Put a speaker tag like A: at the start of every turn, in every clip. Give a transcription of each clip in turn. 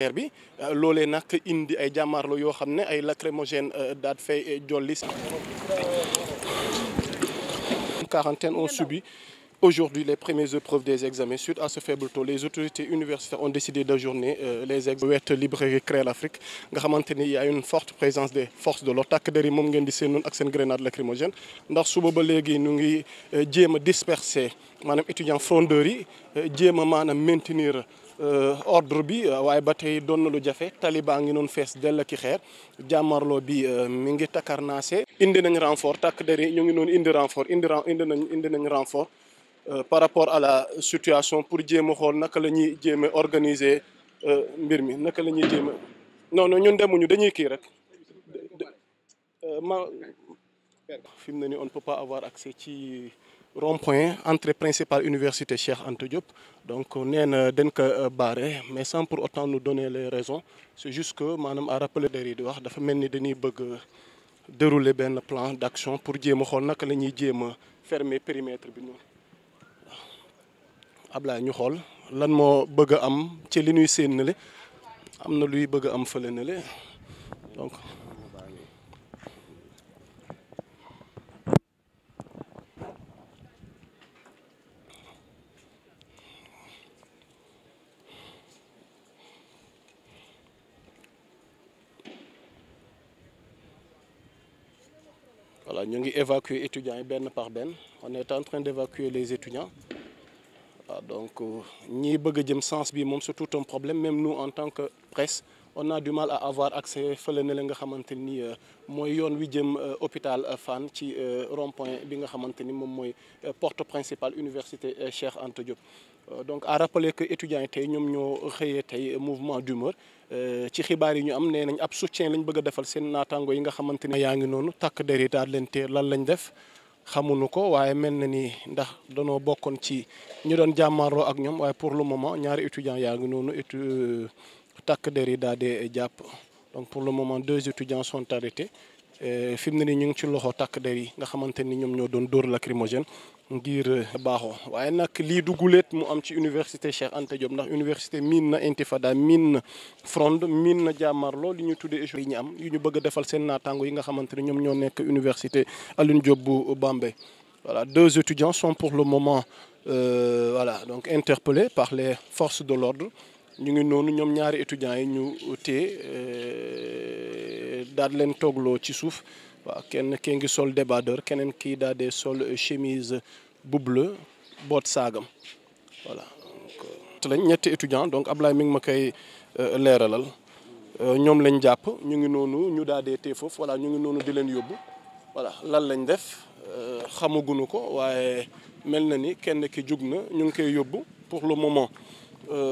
A: r bi euh, loolee nag indi ay jàmmaarlo yoo xam ne ay lacrymogène euh, daat fay euh, jolli quarantaine ont subi aujourd'hui les premières épreuves des examens suite à ce faible les autorités universitaires ont décidé d'ajourner les examens wet librairie Créel Afrique nga xamante ni y a une forte présence des forces de l'ordre tàkk der yi moom ngeen di seen noonu ak seen grenade lacrymogène ndax suba ba léegi ñu ngi jéem a disperser maanaam étudiants frondeurs yi jéem a maanaam maintenir Euh, ordre bi euh, waaye ba tey doon na lu jafe taliban ngi noonu fees dell ki xeer jàmmarloo bi euh, mi ngi takkar naase indi nañ renfort takk deri ñu ngi noonu indi renfort indi indi indi nañ renfort par rapport à la situation pour jéem a xool naka la ñuy jéem a organiser mbir mi naka lañuy ñuy jéem a non non dañuy kii rek ma fi mu ne nii on peut pas avoir accès ci rond-point entrée principale université Cheikh Anta Diop donc nee na dañ ko euh, barré mais sans pour autant nous donner les raisons c'est juste que maanaam à rappeler dari di wax dafa mel ni dañuy bëgg dérouler benn plan d'action pour jéema a xool naka la ñuy jéem a fermer périmètre bi noonu waaw Ablaye ñu xool lan moo bëgg a am ci li ñuy séen nale am na luy bëgg am fële nale donc ñu ngi évacuer étudiants yi benn par benn on est en train d'évacuer les étudiants ah, donc ñi bëgg a jëm sens bi moom c'est tout un problème même nu en tant que presse on a du mal à avoir accès fële ne la nga xamante ni euh, mooy yoon wi jëm euh, hôpital euh, Fann ci rond-point bi nga xamante ni moom mooy porte principal université Cheikh Anta Diop. Euh, donc à rappeler que étudiants yi tey ñoom ñoo xëyee tey mouvement d'humeur euh, ci xibaar yi ñu am nee nañ ab soutien lañ bëgg defal seen naataango yi nga xamante ne yaa ngi noonu takk der yi daal leen téer lan lañ def xamuñu ko waaye mel na ni ndax danoo bokkoon ci ñu doon jàmmaaroo ak ñoom pour le moment ñaari étudiants yaa ngi noonu étu euh, takk der yi daal di jàpp donc pour le moment deux étudiants sontarité arrêtés fi mu ne ni ñu ngi ci loxo takk der yi nga xamante ni ñoom ñoo doon dóor lacrymogène ngir eh, baaxoo waaye nag lii du guléet mu am ci université Cheikh Anta Diop ndax université miin na intifada miin na fronde miin na jàmmarloo li ñu tuddee échec yi ñu am yu ñu bëgg defal seen naataango yi nga xamante ne ñoom ñoo nekk université Alioune Diop bu Bambey voilà deux étudiants sont pour le moment euh, voilà donc interpellés par le force de l'ordre ñu ngi noonu ñoom ñaari étudiants yi ñu téye euh, daal leen toogloo ci suuf waaw kenn kii ngi sol débardeur keneen kii daal di sol chemise bu bleu boot saagam voilà. lañ ñetti étudiant donc Ablaye mi ngi ma koy euh, leeralal euh, ñoom lañ jàpp ñu ngi noonu ñu daal di téye foofu voilà ñu ngi noonu di leen yóbbu wala lan lañ def euh, xamaguñu ko waaye mel na ni kenn ki jug na ñu ngi koy yóbbu pour le moment.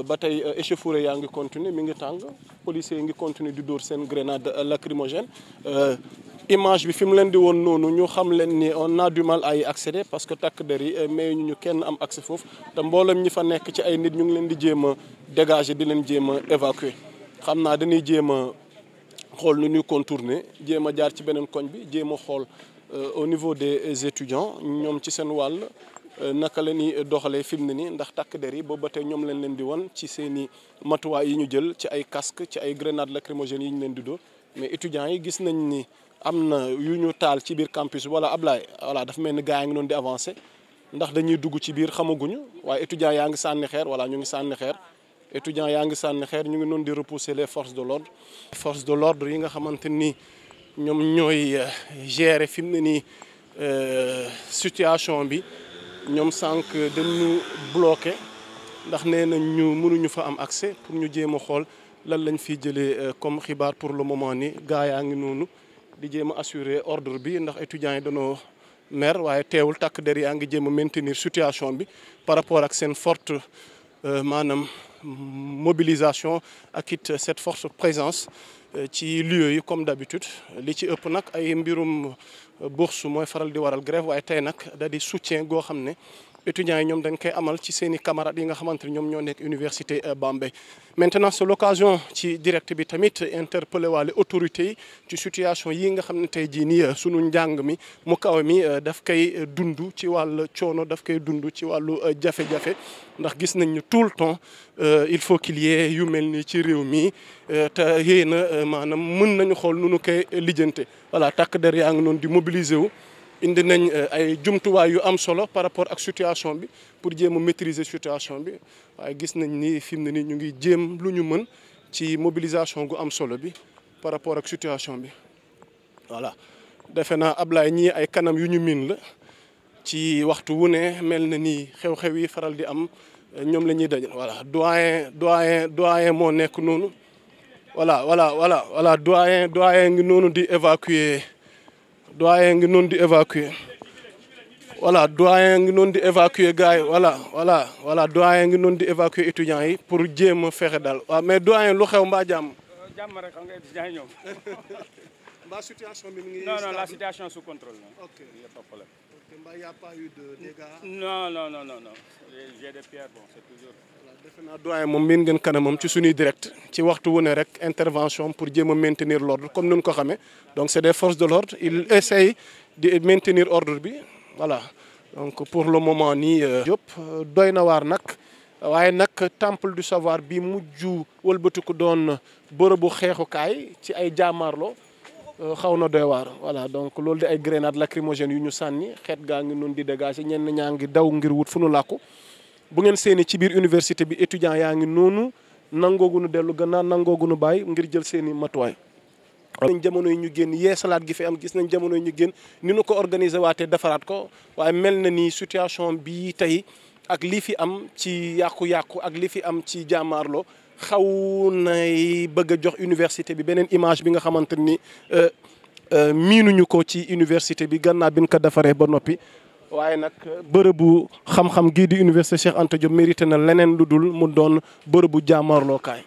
A: ba tey échauffourée yaa ngi continuer mi ngi tàng policiers yi ngi continuer di dóor seen grenade lacrymogène image bi fi mu leen di woon noonu ñu xam leen ni on a du mal à y accéder parce que takk der yi eh, mais ñu kenn am accès foofu te mboolem ñi fa nekk ci ay nit ñu ngi leen di jéem a dégager di leen jéem a évacuer xam naa dañuy jéem a xool nu ñuy contourner jéem a jaar ci beneen koñ bi jéem a xool euh, au niveau des euh, étudiants ñoom ci seen wàll euh, naka la ñuy doxalee fi mu ne nii ndax takk der yi boobu ba tey ñoom lañ leen di wan ci seen i matuwaay yi ñu jël ci ay casque ci ay grenades lacrymogènes yi ñu leen di dóor mais étudiants yi gis nañ ni am na yu ñu taal ci biir campus wala Ablaye voilà dafa mel ni gaa yi ngi doon di avancé ndax dañuy dugg ci biir xamaguñu waaye étudiants yaa ngi sànni xeer voilà ñu ngi sànni xeer étudiants yaa ngi sànni xeer ñu ngi doon di repouser les forces de l'ordre forces de l'ordre yi nga xamante ni ñoom ñooy euh, gérer fi mu ne nii euh, situation bi ñoom sànq dañu bloqué ndax nee nañ ñu mënuñu fa am accès pour ñu jéem a xool lan lañ fi jëlee euh, comme xibaar pour le moment ni gaa yaa ngi noonu di jéem a assurer ordre bi ndax étudiants yi danoo mer waaye teewul takk der yaa ngi jéem a maintenir situation bi par rapport ak seen forte euh, maanaam mobilisation ak it cette forte présence euh, ci lieux yi comme d'habitude li ci ëpp nag ay mbirum bourse mooy faral di waral grève waaye tey nag da soutien goo xam ne étudiants yi ñoom dañ koy amal ci seeni i yi nga xamante ni ñoom ñoo nekk université euh, Bambey maintenant c'est l'occasion ci direct bi tamit interpellé waale autorité ci situation yi nga xam ne tey jii nii euh, sunu njàng mi mu kaw mi euh, daf koy dundu ci wàllu coono daf koy dund ci wàllu jafe-jafe ndax gis nañ ñu tout le temps il faut qu'il yu mel nii ci réew mi te yéen a maanaam mën nañu xool nu nu koy lijjante voilà takk der yaa ngi noonu di mobiliser wu. indi nañ euh, ay jumtuwaay yu am solo par rapport ak situation bi pour jéem a maîtriser situation bi waaye gis nañ ni fi mu ne nii ñu ngi jéem lu ñu mën ci mobilisation gu am solo bi par rapport ak situation bi voilà. defe naa Ablaye ñii ay kanam yu ñu miin la ci waxtu wu ne mel na ni xew-xew yi faral di am euh, ñoom la ñuy dajal voilà doyen doyen doyen moo nekk noonu voilà voilà wala wala doyen doyen ngi noonu di évacuer. doyen ngi noonu di évacuer voilà doyen ngi noonu di évacuer gars yi wala wala voilà ngi noonu di évacuer étudiants yi pour jéem a fexe daal waaw mais doyen lu xew mbaa jàmm. Euh, jàmm rek xam nga étudiants yi bi mi ngi. la situation sous contrôle a il n'y a pas eu de dégâts. non non non non non les jets de pierre bon c'est toujours. voilà defe naa doyen moom miin ngeen kanamam ci suñuy direct ci waxtu wu ne rek intervention pour jéem a maintenir l'ordre comme nun ko xamee donc c'est des forces de l'ordre ils essayent di maintenir ordre bi voilà donc pour le moment nii. Euh, Diop euh, doy na waar nag. waaye nag temple du savoir bi mujj wëlbatiku doon bërëbu xeexukaay ci ay jàmmaarloo Euh, xaw na doy waar voilà donc loolu de ay grenades lacrymogènes yu ñu sànni xeet gaa ngi noonu di dégager ñenn ñaa ngi daw ngir wut fu nu làkku bu ngeen seeni ci biir université bi étudiant yaa ngi noonu nangoogu nu dellu gannaaw nangoogu nu bàyyi ngir jël seeni matuwaay. nañ jamono yi ñu génn yee salaat gi fi am gis nañ jamono yi ñu génn ni nu ko organiser waatee defaraat ko waaye mel na ni situation bi tey ak lii fi am ci yàqu-yàqu ak li fi am ci jàmmaarloo. xaw nay bëgg a jox université bi beneen image bi nga xamante ni euh, euh, miinuñu ko ci université bi gannaar bi ñu ko defaree ba noppi. waaye nag bërëbu xam-xam gii di université Cheikh Anta Diop mérité na leneen lu dul mu doon bërëbu jaamarlookaay.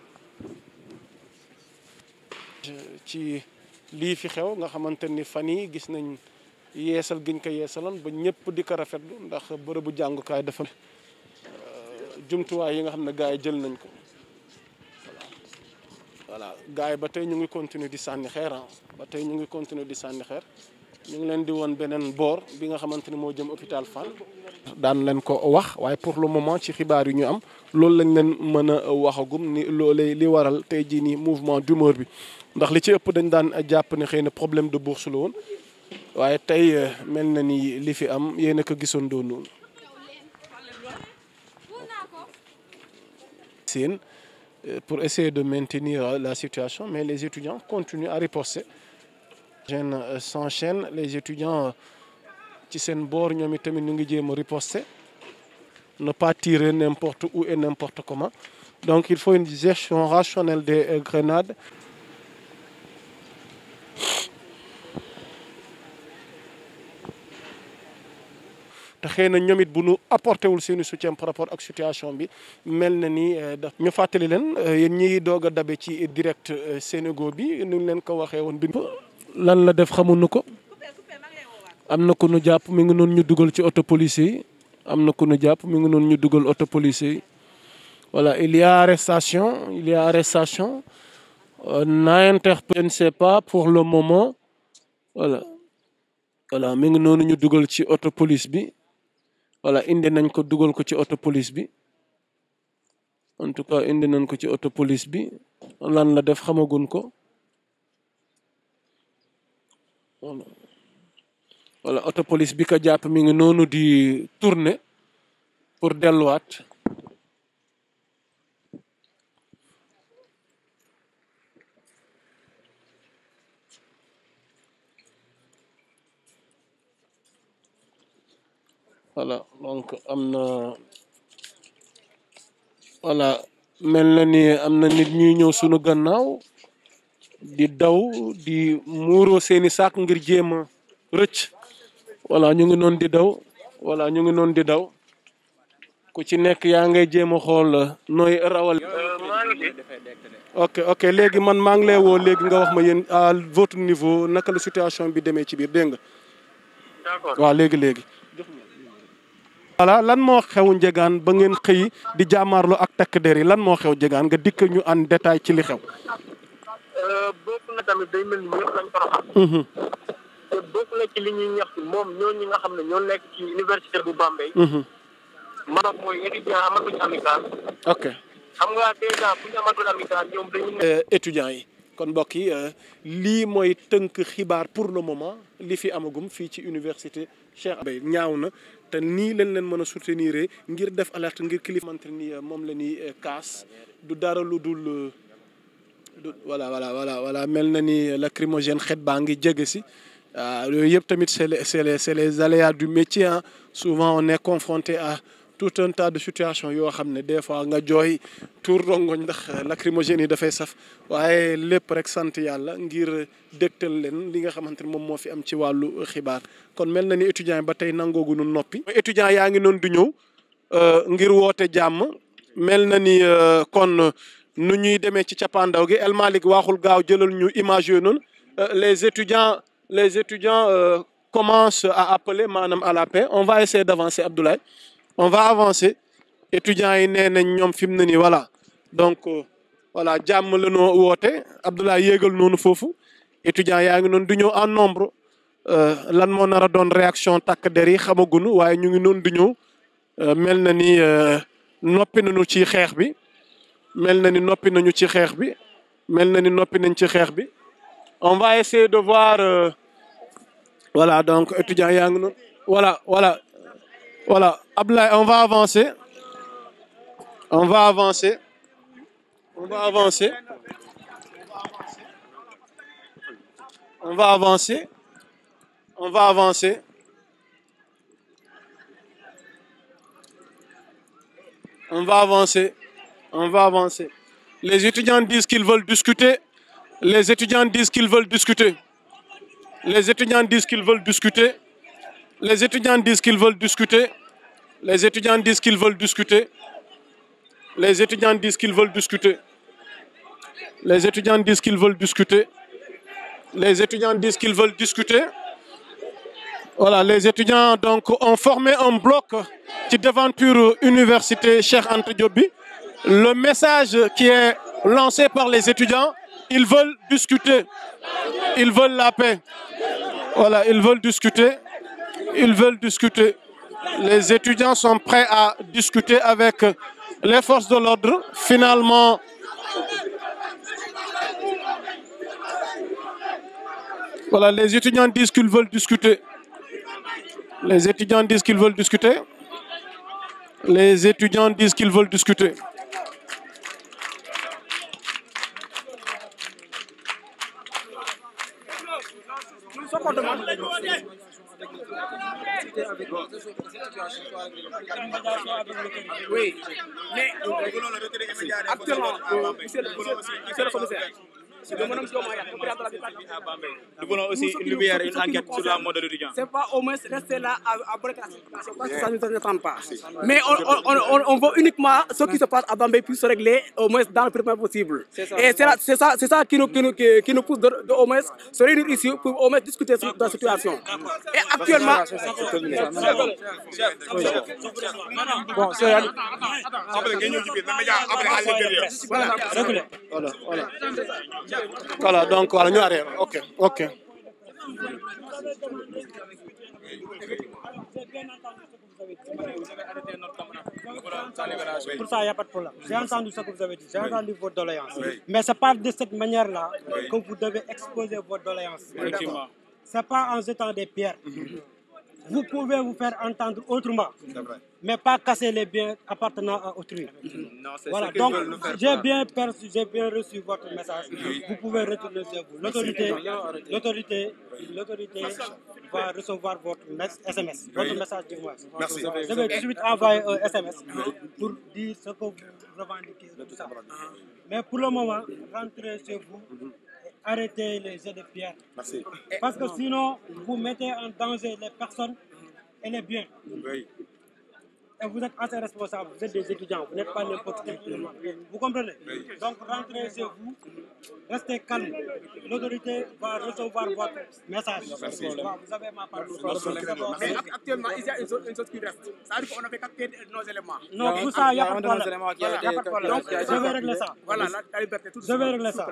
A: ci lii fi nga xamante ni fan yi gis nañ yeesal giñ ko yeesaloon ba ñëpp di ko rafetlu ndax bërëbu jàngukaay dafa euh, jumtuwaay yi nga xam ne gars yi jël nañ ko. voilà gars yi ba tey ñu ngi continuer di sànni xeer ah. ba tey ñu ngi continuer di sànni xeer ñu ngi leen di woon beneen boor bi nga xamante ni moo jëm hôpital Fann daan leen ko wax waaye pour le moment ci xibaar yu ñu am loolu lañ leen mën a waxagum ni loolee li waral tey jii nii mouvement d'humeur bi ndax li ci ëpp dañ daan jàpp ne xëy na problème de bourse la woon waaye tey euh, mel na ni li fi am yéen a ko gisoon doon noonu seen Euh, pour essayer de maintenir euh, la situation, mais les étudiants continuent à riposter. jeunes euh, s'enchaînent les étudiants ci seen boor ñoom tamit ñu ngi jéem a riposter ne pas tirer n'importe où et n'importe comment donc il faut une gestion rationnelle des grenades te na ñoom it bu ñu apporté wul seeni soutien par rapport ak situation bi mel na ni euh, da ñu fàttali leen euh, yéen ñiy doog a dabe ci direct euh, Sénégo bi nu leen ko waxee woon bi lan la def xamuñu ko am na ko nu jàpp mi ngi noonu ñu dugal ci auto police yi am na ku nu jàpp mi ngi noonu ñu dugal auto police yi voilà il y a arrestation il y a arrestation pas pour le moment wala voilà mi ngi noonu ñu dugal ci auto police bi wala indi nañ ko dugal ko ci auto police bi en tout cas indi nañ ko ci auto police bi lan la def xamagun ko voilà voilà auto police bi ko jàpp mi ngi noonu di tourner pour delluwaat voilà donc am na voilà mel na ni am na nit ñuy ñëw sunu gannaaw di daw di muuroo seeni saak ngir jéem a rëcc wala ñu ngi noonu di daw voilà ñu ngi noonu di daw ku ci nekk yaa ngay jéem a xool nooy rawal.
B: Euh,
A: ok ok léegi man maa ngi lay woo léegi nga wax ma yéen à votre niveau naka lu situation bi demee ci biir dégg nga. d'accord léegi léegi. voilà lan moo xew njegaan ba ngeen xëy di jaamaarlu ak takk der yi lan moo xew njegaan nga dikk ñu an détail ci li xew.
B: Euh, bokk na tamit day mel ni ñëpp mhm. na ci
A: li ñuy ñaxtu moom ñooñu nga xam ne ñoo nekk ci université bu Bambey. Mhm. ok xam nga dèjà bu ñu amatul amicale ñoom dañu. Euh, étudiants yi. kon mbokk yi euh, lii mooy tënk xibaar pour le moment li fi amagum fii ci université Cheikh Abdoulaye ñaaw na te nii lañ leen mën a soutenir ngir def alerte ngir kilifa xamante ni euh, moom la ñuy euh, kaas du dara lu dul wala euh, voilà voilà voilà mel na ni lacrymogène xet baa ngi jege si waaw ah, yooyu yëpp tamit c'est les c'est les c'est les aléas du métier souvent on est confronté à tout un tas de situation yoo xam ne des fois nga jooy tour rongoñ ndax lacrymogène yi dafay saf waaye lépp rek sant yàlla ngir dégtal leen li nga xamante ni moom moo fi am ci wàllu xibaar kon mel na ni étudiants ba tey nangoogu nu noppi étudiants yaa ngi noonu du ñëw euh, ngir woote jàmm mel na ni euh, kon nu ñuy demee ci cappaandaw gi El Malick waaxul gaaw jëlal ñu image yooyu noonu euh, les étudiants les étudiants commencent à appeler maanaam à la paix on va essayer d'avancer Abdoulaye on va avancer étudiants yi nee nañ ñoom fi mu ne nii voilà donc euh, voilà jàmm la noo woote Abdoulaye yéegal noonu foofu étudiants yaa ngi noonu du ñëw en nombre euh, lan moo nar a doon réaction takk der yi xamagunu waaye ñu ngi noonu du ñëw euh, mel na ni noppi nañu ci xeex bi mel na ni noppi nañu ci xeex bi mel na ni noppi nañ ci xeex bi on va essayer de voir euh, donc étudiants yaa ngi noonu Voilà, Ablaye, on va avancer. On va avancer. On va avancer. On va avancer. On va avancer. On va avancer. On va avancer. Les étudiants disent qu'ils veulent discuter. Les étudiants disent qu'ils veulent discuter. Les étudiants disent qu'ils veulent discuter. Les étudiants disent qu'ils veulent discuter. Les étudiants disent qu'ils veulent discuter. Les étudiants disent qu'ils veulent discuter. Les étudiants disent qu'ils veulent discuter. Les étudiants disent qu'ils veulent Voilà, les étudiants donc ont formé un bloc ci devanture université Cheikh Anta Diop bi. Le message qui est lancé par les étudiants, ils veulent discuter. Ils veulent la paix. Voilà, ils veulent discuter. ils veulent discuter. Les étudiants sont prêts à discuter avec les forces de l'ordre. Finalement, voilà, les étudiants disent qu'ils veulent discuter. Les étudiants disent qu'ils veulent discuter. Les étudiants disent qu'ils veulent discuter. discuter avec les Oui, mais actuellement, monsieur le commissaire.
B: Nous voulons aussi une lumière, une enquête sur la mort de C'est pas au moins rester là à, à parce ça pas. Mais on, on, uniquement ce qui se passe à Bambay puisse se régler au moins dans le plus possible. Et c'est c'est
A: ça qui nous, qui au moins se ici au moins discuter de la situation. Et actuellement. Bon, c'est. Voilà, voilà. voilà donc voilà ñu arrière ok ok.
B: Pour ça, il a pas de problème. J'ai entendu ce que vous avez dit, j'ai entendu votre doléance. Mais c'est pas de cette manière-là que vous devez exposer votre doléance. C'est pas en jetant des pierres. vous pouvez vous faire entendre autrement, mais pas casser les biens appartenant à autrui. Non, voilà, ce donc j'ai bien perçu, j'ai bien reçu votre message. Oui. Vous pouvez retourner chez L'autorité, l'autorité, l'autorité recevoir votre SMS, Je vais tout envoyer un SMS pour dire ce que vous revendiquez. Tout ça. Mais pour le moment, rentrez chez vous. Mhm. arrêtez les jets de pierre. Merci. Parce que sinon, vous mettez en danger les personnes et les biens. Oui. vous êtes assez responsable, vous êtes des étudiants, vous n'êtes pas n'importe Vous comprenez Donc rentrez chez vous, restez calme. L'autorité va recevoir votre message. ma parole. Mais actuellement, il y a une chose, une chose qui reste. Ça arrive qu'on avait capté nos éléments. Non, tout ça, il a Donc, je vais régler ça. Voilà,
A: la, liberté, tout ça. Je vais régler ça.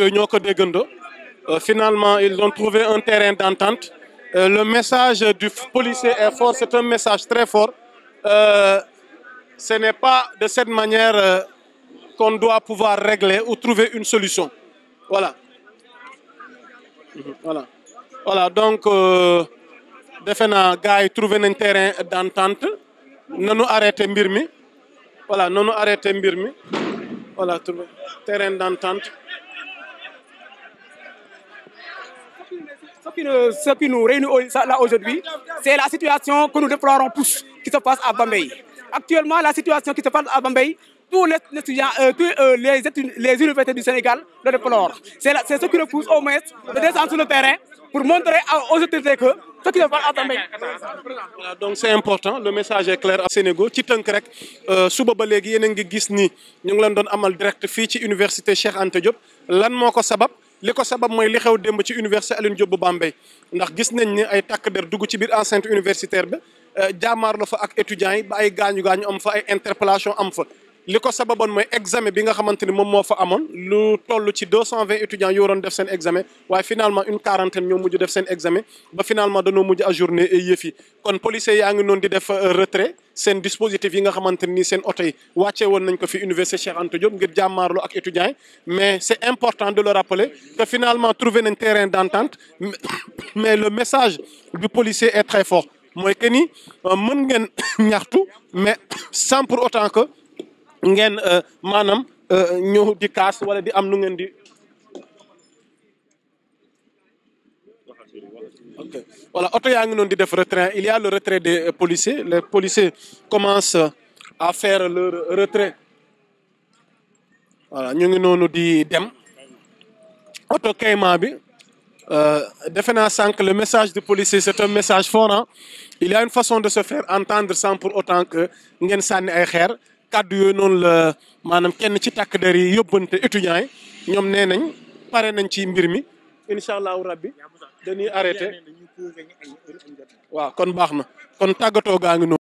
A: yooyu ñoo ko déggandoo euh, finalement ils ont trouvé un terrain d'entente euh, le message du policier est fort c'est un message très fort euh, ce n'est pas de cette manière qu'on doit pouvoir régler ou trouver une solution voilà mhm, voilà voilà donc defe naa gars yi trouvé nañ terrain d'entente nanu arrêté mbir mi voilà nanu mbir mi terrain d'entente qui nous, ce qui c'est la situation que nous déplorons tous qui se passe à Bambay. Actuellement, la situation qui se passe à Bambay, tous les étudiants, euh, tous euh, les, universités du Sénégal le déplorent. C'est ce qui nous pousse au moins de descendre sur le terrain pour montrer aux autorités que ce qui se passe à Bambay. donc c'est important, le message est clair à Sénégal. Ci tënk rek euh, suba ba léegi yéen a ngi gis ni ñu ngi leen doon amal direct fii ci université Cheikh Anta Diop lan moo ko sabab. li ko sabab mooy li xew démb ci université Alioune Diop bu Bambey ndax gis nañ ne ay takk der dugg ci biir enceinte universitaire ba euh, jaamaar la fa ak étudiants yi ba ay gaañu gaañu am fa ay interpellation am fa li ko sababoon mooy examen bi nga xamante ni moom moo fa amoon lu toll ci deux cent vingt étudiants yoo doon def seen examen waaye finalement une quarantaine ñoo mujj def seen examen ba finalement danoo mujj ajourné yëf kon policiers yaa ngi noonu di def euh, retrait seen dispositif yi nga xamante ni seen oto yi wàccee woon nañ ko fi université Cheikh Anta Diop ngir jàmmaarloo ak étudiants yi mais c'est important de le rappeler que finalement trouvé nañ terrain d'entente mais le message du policier est mooy que ni euh, mën ngeen ñaxtu mais sans pour que ngeen euh, maanaam euh, ñëw di kaas wala di am nu ngeen di wala voilà yaa ngi noonu di def retrait il y a le retrait des policiers les policiers commence à faire leur retrait voilà ñu ngi noonu di dem oto kayma bi euh, defe naa sànq le message de policier c'est un message fort il y une façon de se faire entendre sans pour autant que ngeen sànni ay xeer kàddu yooyu noonu la maanaam kenn ci takk der yi yóbbante étudiants yi ñoom nee nañ pare nañ ci mbir mi incha allahu rabbi dañuy arrêté waaw kon baax na
B: kon tàggatoo gaa ngi noonu